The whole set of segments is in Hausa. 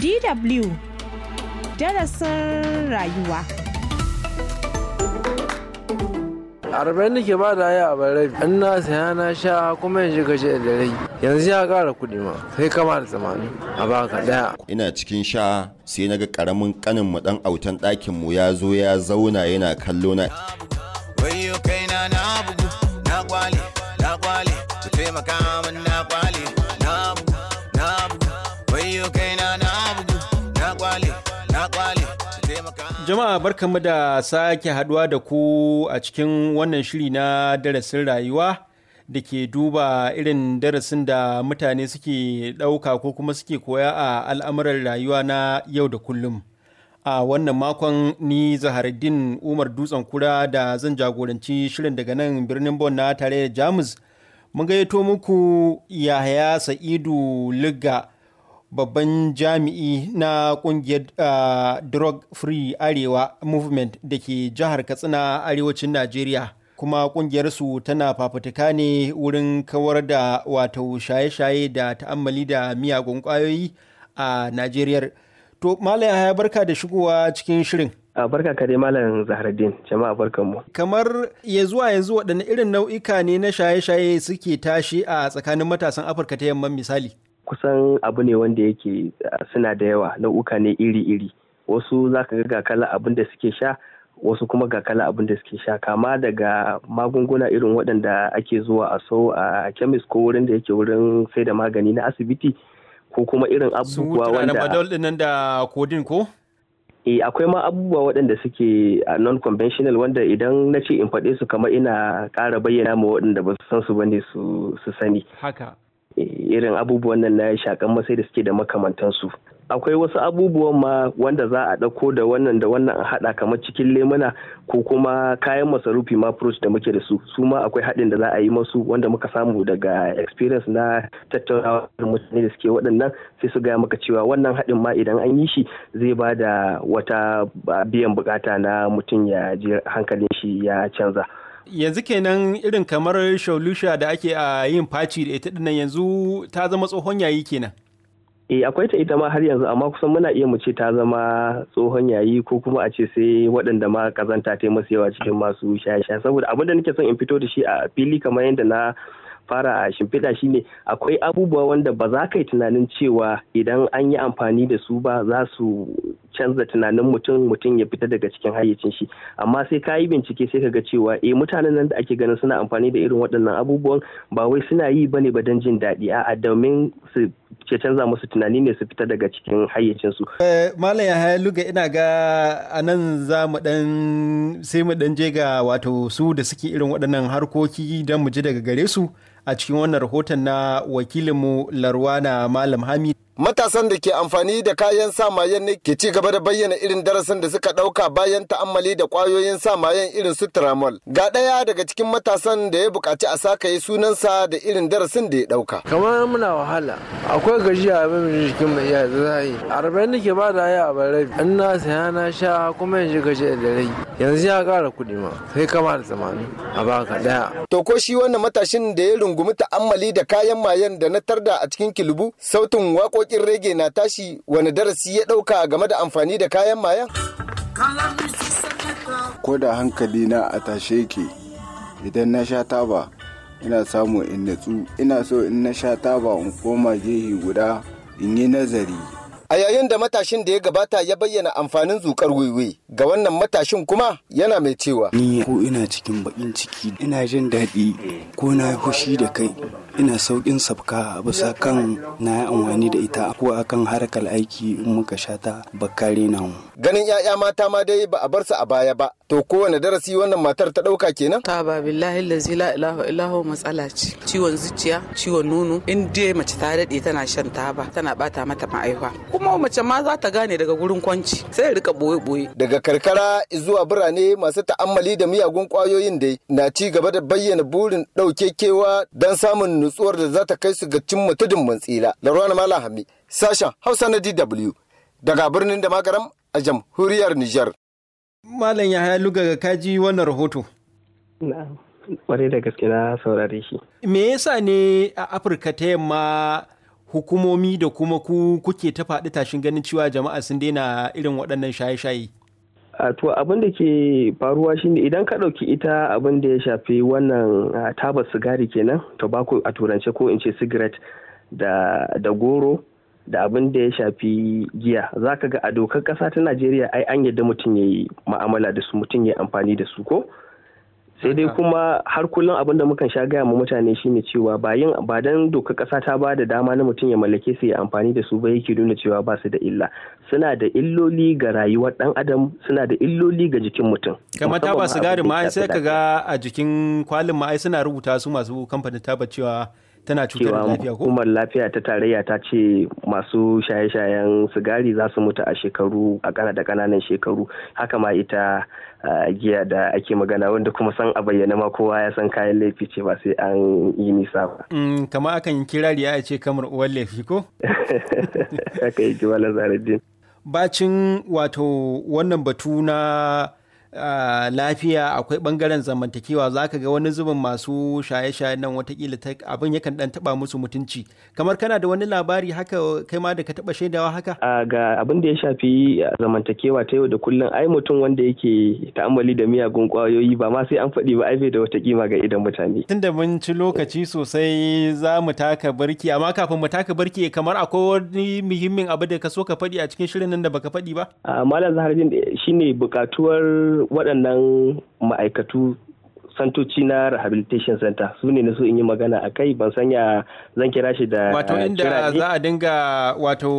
DW darasin rayuwa. arba'in da ke ba da ya a rabi in na saya na sha kuma yanzu gaje da dare. yanzu ya kara kuɗi ma sai kama da tsamani a baka daya ina cikin sha sai naga karamin kanin mu dan autan ɗakin mu ya zo ya zauna yana kallo na na kwale na kwale taimaka na kwale Jama'a barkanmu da sake haduwa da ku a cikin wannan shiri na darasin rayuwa da ke duba irin darasin da mutane suke ɗauka ko kuma suke koya a al'amuran rayuwa na yau da kullum. A wannan makon ni Zaharuddin Umar Dutsen Kura da zan jagoranci shirin daga nan birnin Bon na tare da Jamus. Mun gayyato muku Yahaya Sa'idu Ligga babban jami'i na kungiyar ah, drug free arewa movement da ke jihar katsina arewacin najeriya kuma kungiyarsu tana fafutuka ne wurin kawar da wato shaye-shaye da ta'ammali da miyagun kwayoyi a najeriya to malaya ya barka da shigowa cikin shirin a ah, barka kare malam zahraddin jama'a barkan mu kamar ya zuwa yanzu waɗanne irin nau'ika ne na shaye-shaye suke tashi a tsakanin matasan afirka ta yamma misali kusan abu ne wanda yake ah, suna da yawa nau'uka ne iri-iri wasu za ka ga kala abin da suke sha wasu kuma ga kala abin da suke sha kama daga magunguna irin waɗanda ake zuwa a so a kemis ko wurin da yake wurin sai da magani na asibiti ko kuma irin abubuwa wanda nan da kodin ko e akwai ma abubuwa waɗanda suke ah, non conventional wanda idan na ce in faɗe su kamar ina ƙara bayyana ma waɗanda ba su san su bane su sani haka irin abubuwan nan na shakan masai da suke da makamantansu akwai wasu abubuwan ma wanda za a ɗauko da wannan da wannan a haɗa kamar cikin lemuna ko kuma kayan masarufi ma fruit da muke da su su ma akwai haɗin da za a yi masu wanda muka samu daga experience na tattaunawa da mutane da suke waɗannan sai su gaya maka cewa wannan haɗin ma idan an yi shi zai ba da wata biyan bukata na mutum ya je hankalin shi ya canza. yanzu kenan irin kamar shaulusha da ake a yin faci da ita dinnan yanzu ta zama tsohon yayi kenan eh akwai ta ita ma har yanzu amma kusan muna iya mu ce ta zama tsohon yayi ko kuma a ce sai waɗanda ma kazanta ta masu yawa cikin masu shaye-shaye saboda abin da nake son in fito da shi a fili kamar yadda na fara a shimfiɗa shine akwai abubuwa wanda ba za ka yi tunanin cewa idan an yi amfani da su ba za su canza tunanin mutum mutum ya fita daga cikin hayyacin shi amma sai ka yi bincike sai ka ga cewa eh mutanen nan da ake ganin suna amfani da irin waɗannan abubuwan ba wai suna yi ba ne ba don jin daɗi a domin su ke canza musu tunani ne su fita daga cikin hayyacinsu. Eh, Malam ya luga ina ga anan nan za mu dan sai mu dan je ga wato su da suke irin waɗannan harkoki don mu ji daga gare su a cikin wannan rahoton na wakilinmu Larwana Malam Hamid. Matasan da ke amfani da kayan samayen ne ke ci gaba da bayyana irin darasin da suka ɗauka bayan ta'ammali da ƙwayoyin samayen irin su tramol. Ga ɗaya daga cikin matasan da ya buƙaci a saka yi sunansa da irin darasin da ya ɗauka. Kamar muna wahala, akwai gajiya a mai jikin mai iya yi. Arba'in da ke ba da haya a barabi, in na saya na sha kuma yanzu gaji da rai. Yanzu ya ƙara kuɗi ma, sai kama da tsamani a baka ɗaya. To ko shi wannan matashin da ya rungu rungumi ta'ammali da kayan mayen da na tarda a cikin kilubu sautin waƙoƙin rege na tashi wani darasi ya ɗauka game da amfani da kayan mayen? Ko da hankali na a tashe ke idan na sha taba ina samu in natsu ina so in na sha taba in koma gehi guda in yi nazari A yayin da matashin da ya gabata ya bayyana amfanin zukar wiwi ga wannan matashin kuma yana mai cewa. Ni ko ina cikin baƙin ciki ina jin daɗi ko na fushi da kai ina saukin sabka bisa kan na yi amfani da ita ko akan harkar aiki in muka sha ta bakare na ganin yaya mata ma dai ba a bar su a baya ba to kowane darasi wannan matar ta dauka kenan ta ba billahi lazi la ilaha illahu matsala ce ciwon zuciya ciwon nono in dai mace ta dade tana shan taba tana bata mata ma'aifa kuma mace ma za ta gane daga gurin kwanci sai rika boye boye daga karkara zuwa birane masu ta'ammali da miyagun kwayoyin dai na ci gaba da bayyana burin dauke kewa don samun nutsuwar da za ta kai su ga cimma tudun mun tsira da ruwan malam sashen hausa na dw daga birnin da magaram a jamhuriyar niger malam yahaya luga ga kaji wannan rahoto na da gaske na saurare shi me yasa ne a afirka ta yamma hukumomi da kuma ku kuke ta faɗi tashin ganin cewa jama'a sun daina irin waɗannan shaye-shaye to abin da ke faruwa shine idan ka ɗauki ita abin da ya shafi wannan taba sigari kenan tobacco a turance ko in ce cigarette da, da goro da abin da ya shafi giya za ka ga a dokar ƙasa ta najeriya ai an yadda mutum ya yi ma'amala da su mutum ya amfani da su ko sai dai kuma har kullum abin da mukan sha gaya ma mutane shine cewa ba yin ba dan dokar kasa ta ba da dama na mutum ya mallake su ya amfani da su ba yake nuna cewa ba su da illa suna da illoli ga rayuwar dan adam suna da illoli ga jikin mutum kamar ta ba su gari ma sai ka ga a jikin kwalin ma ai suna rubuta su masu kamfanin taba cewa tana cutar lafiya ko hukumar lafiya ta tarayya ta ce masu shaye-shayen sigari za su mutu a shekaru a kana da kananan shekaru haka ma ita giya da ake magana wanda kuma san a bayyana ma kowa ya san kayan laifi ce ba sai an yi nisa ba mm, kama akan kira ya ce kamar uwar laifi ko haka yi jimalar zaradin bacin wato wannan batu na lafiya akwai bangaren zamantakewa za ka ga wani zubin masu shaye-shaye nan watakila abin yakan dan taba musu mutunci kamar kana da wani labari haka kai ma da ka taba shaidawa haka ga abin da ya shafi zamantakewa ta yau da kullum ai mutum wanda yake ta'ammali da miyagun kwayoyi ba ma sai an faɗi ba ai bai da wata kima ga idan mutane tunda mun ci lokaci sosai za mu taka barki amma kafin mu taka barki kamar akwai wani muhimmin abu da ka so ka faɗi a cikin shirin nan da baka faɗi ba malam zaharin shine bukatuwar waɗannan ma'aikatu santoci na rehabilitation center su ne na so in yi magana a kai ban sanya zan kira shi da wato inda za a dinga wato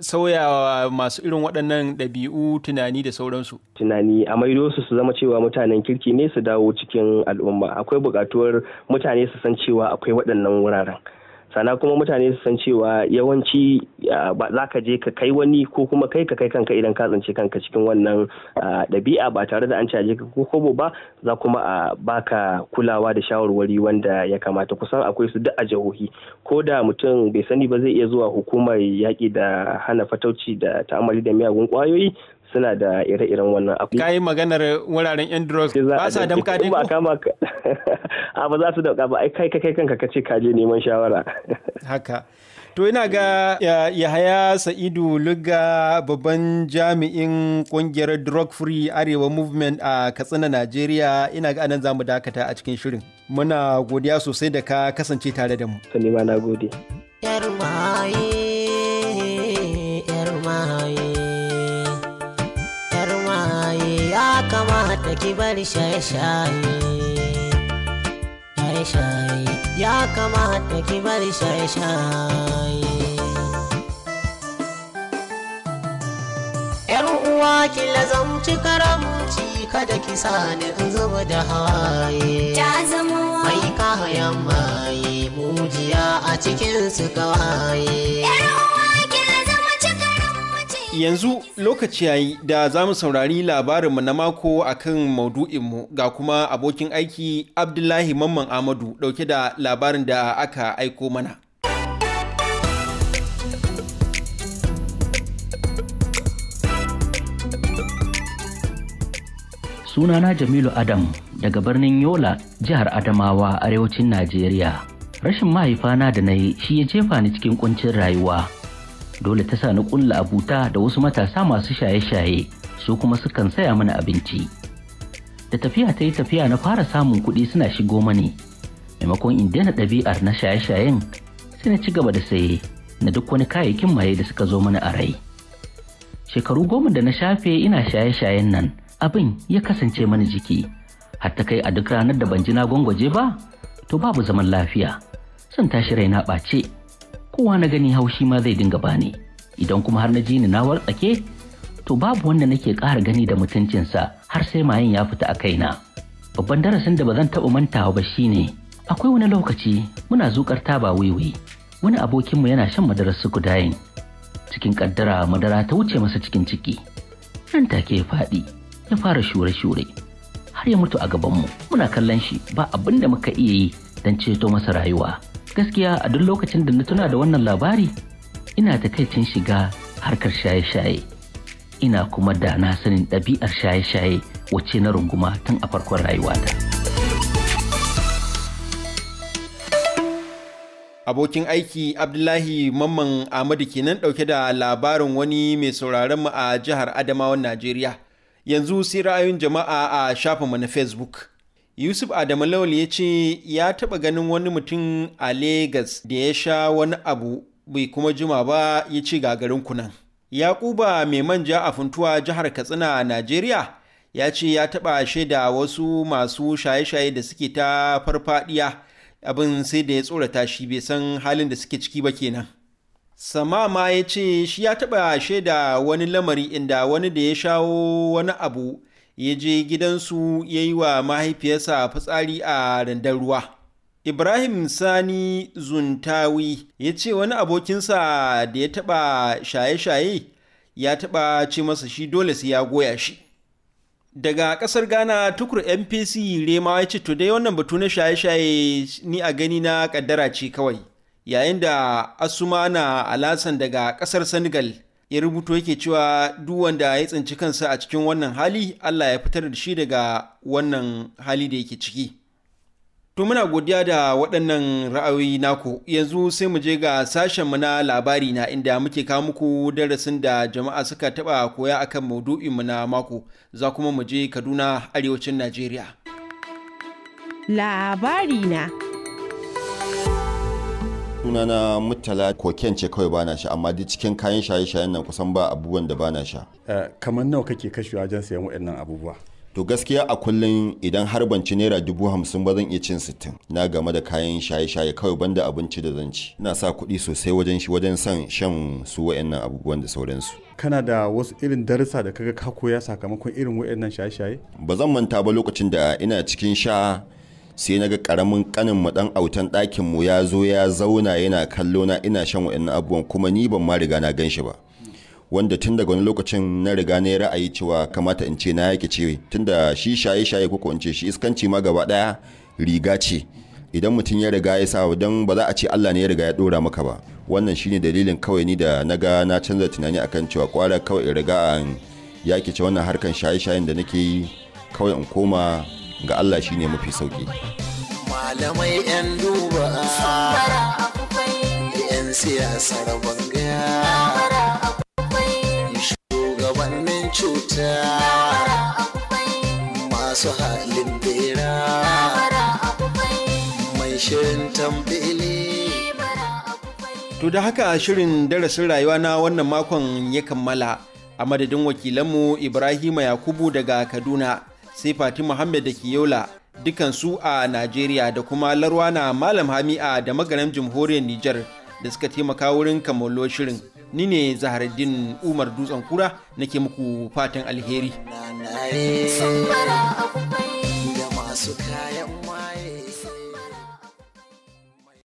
sauyawa masu irin waɗannan ɗabi'u tunani da sauransu tunani a maido su su zama cewa mutanen kirki ne su dawo cikin al'umma akwai buƙatuwar mutane su san cewa akwai waɗannan wuraren sana kuma mutane su san cewa yawanci Ba za ka je ka kai wani ko kuma kai ka kai kanka idan ka tsinci kanka cikin wannan ɗabi'a ba tare da an caje ka ko kobo ba za kuma a baka kulawa da shawarwari wanda ya kamata kusan akwai su duk a jihohi ko da mutum bai sani ba zai iya zuwa hukumar yaƙi da hana fatauci da ta'amali da miyagun ƙwayoyi suna da ire-iren wannan abu. Kayi maganar wuraren yan ba sa damka A ba za su dauka ba ai kai kai kanka ka ce ka je neman shawara. Haka. To ina ga Yahaya Sa'idu Luga babban jami'in kungiyar Drug Free Arewa Movement a Katsina Najeriya ina ga anan zamu dakata a cikin shirin. Muna godiya sosai da ka kasance tare da mu. Sani ma na gode. Yar ki shaye-shaye shaye-shaye ya kamata ki bar shaye-shaye uwa ki lazamci karamci kada ki sani in zuba da haye ta zama mai kayan maye mujiya a cikin su kawaye Yanzu lokaci yayi da za mu saurari labarinmu na mako kan maudu'inmu ga kuma abokin aiki Abdullahi Mamman Amadu dauke da labarin da aka aiko mana. Sunana Jamilu Adam daga birnin Yola, jihar Adamawa, arewacin Najeriya. Rashin mahaifana da na yi shi ya jefa ni cikin kuncin rayuwa. dole ta sa ni ƙulla abuta da wasu matasa masu shaye-shaye su kuma sukan saya mana abinci da tafiya ta yi tafiya na fara samun kuɗi suna shigo mani maimakon in daina ɗabi'ar na shaye-shayen sai na ci gaba da saye na duk wani kayayyakin maye da suka zo mana a rai shekaru goma da na shafe ina shaye-shayen nan abin ya kasance mani jiki Har ta kai a duk ranar da ban ji na gwangwaje ba to babu zaman lafiya sun tashi raina ɓace kowa na gani haushi ma zai dinga bani idan kuma har na ji ni na wartsake to babu wanda nake ƙara gani da mutuncinsa har sai mayen ya fita a kaina babban darasin da ba zan taɓa mantawa ba shine akwai wani lokaci muna zuƙar taba wiwi wani abokinmu yana shan madarar su cikin ƙaddara madara ta wuce masa cikin ciki nan take ya faɗi ya fara shure-shure har ya mutu a gabanmu muna kallon shi ba abin da muka iya yi don ceto masa rayuwa gaskiya a duk lokacin da na tuna da wannan labari ina ta takaicin shiga harkar shaye-shaye ina kuma da na sanin ɗabi'ar shaye-shaye wacce na runguma tun a farkon rayuwata. Abokin aiki Abdullahi Mamman Ahmadu kenan ɗauke da labarin wani mai sauraron mu a jihar Adamawan Najeriya. Yanzu sai ra'ayin jama'a a shafinmu na Facebook. Yusuf Adamu Lawal ya ce ya taɓa ganin wani mutum a Legas da ya sha wani abu bai kuma jima ba ya ci gagarin kunan. Yakuba mai manja a funtuwa jihar Katsina a Najeriya ya ce ya taɓa shaida wasu masu shaye-shaye da suke ta farfadiya abin sai da ya tsorata shi bai san halin da suke ciki ba kenan. ma ya ce shi ya taɓa shaida wani lamari inda wani da ya shawo wani abu ya je gidansu ya yi wa mahaifiyarsa fitsari a randar ruwa. Ibrahim Sani Zuntawi ya ce wani abokinsa da ya taɓa shaye-shaye ya taɓa ce masa shi dole sai ya goya shi. Daga ƙasar Ghana tukur MPC Rema ya ce to dai wannan batu na shaye-shaye ni a gani na ƙaddara ce kawai. Yayin da asuma na Alasan daga ƙasar Senegal ya rubuto yake cewa duk wanda ya tsinci kansa a cikin wannan hali Allah ya fitar da shi daga wannan hali da yake ciki. To muna godiya da waɗannan ra'ayoyi naku yanzu sai mu je ga sashenmu na labari na inda muke kawo muku darasin da jama'a suka taɓa koya akan maudu'in mu na mako za kuma mu je Kaduna arewacin Najeriya. Labari na. sunana mutala koken ce kawai bana sha amma duk cikin kayan shaye-shayen nan kusan ba abubuwan da bana sha eh, kamar nawa kake kashe wajen sayan waɗannan abubuwa to gaskiya a kullum idan har ban ci naira dubu hamsin ba zan iya cin sittin na game da kayan shaye-shaye kawai banda abinci da zan ci ina sa kuɗi sosai wajen shi wajen san shan su waɗannan abubuwan da sauransu kana da wasu irin darussa da kaga ka koya sakamakon irin waɗannan shaye-shaye ba zan manta ba lokacin da ina cikin sha sai na ga karamin kanin mu dan autan ɗakin mu ya zo ya zauna yana kallo na ina shan wa'annan abubuwan kuma ni ban ma riga na gan shi ba wanda tun daga wani lokacin na riga na ra'ayi cewa kamata in ce na yake ce tun da shi shaye shaye ko in ce shi iskanci ma gaba daya riga ce idan mutum ya riga ya sa don ba za a ce Allah ne ya riga ya dora maka ba wannan shine dalilin kawai ni da na ga na canza tunani akan cewa kwara kawai riga an yake ce wannan harkan shaye shayen da nake yi kawai in koma ga Allah shi ne mafi sauki malamai yan duba yan siyasar bangaya shugabannin cuta masu halin bera mai shirin tambili to da haka shirin darasin rayuwa na wannan makon ya kammala a madadin wakilanmu ibrahima yakubu daga kaduna sai Fati Muhammad da Kiyola dukansu a Najeriya da kuma Larwana Malam Hami'a da maganin jamhuriyar Nijar da suka taimaka wurin kammalo shirin. Ni ne Zaharaddin Umar Dutsen Kura nake muku fatan alheri.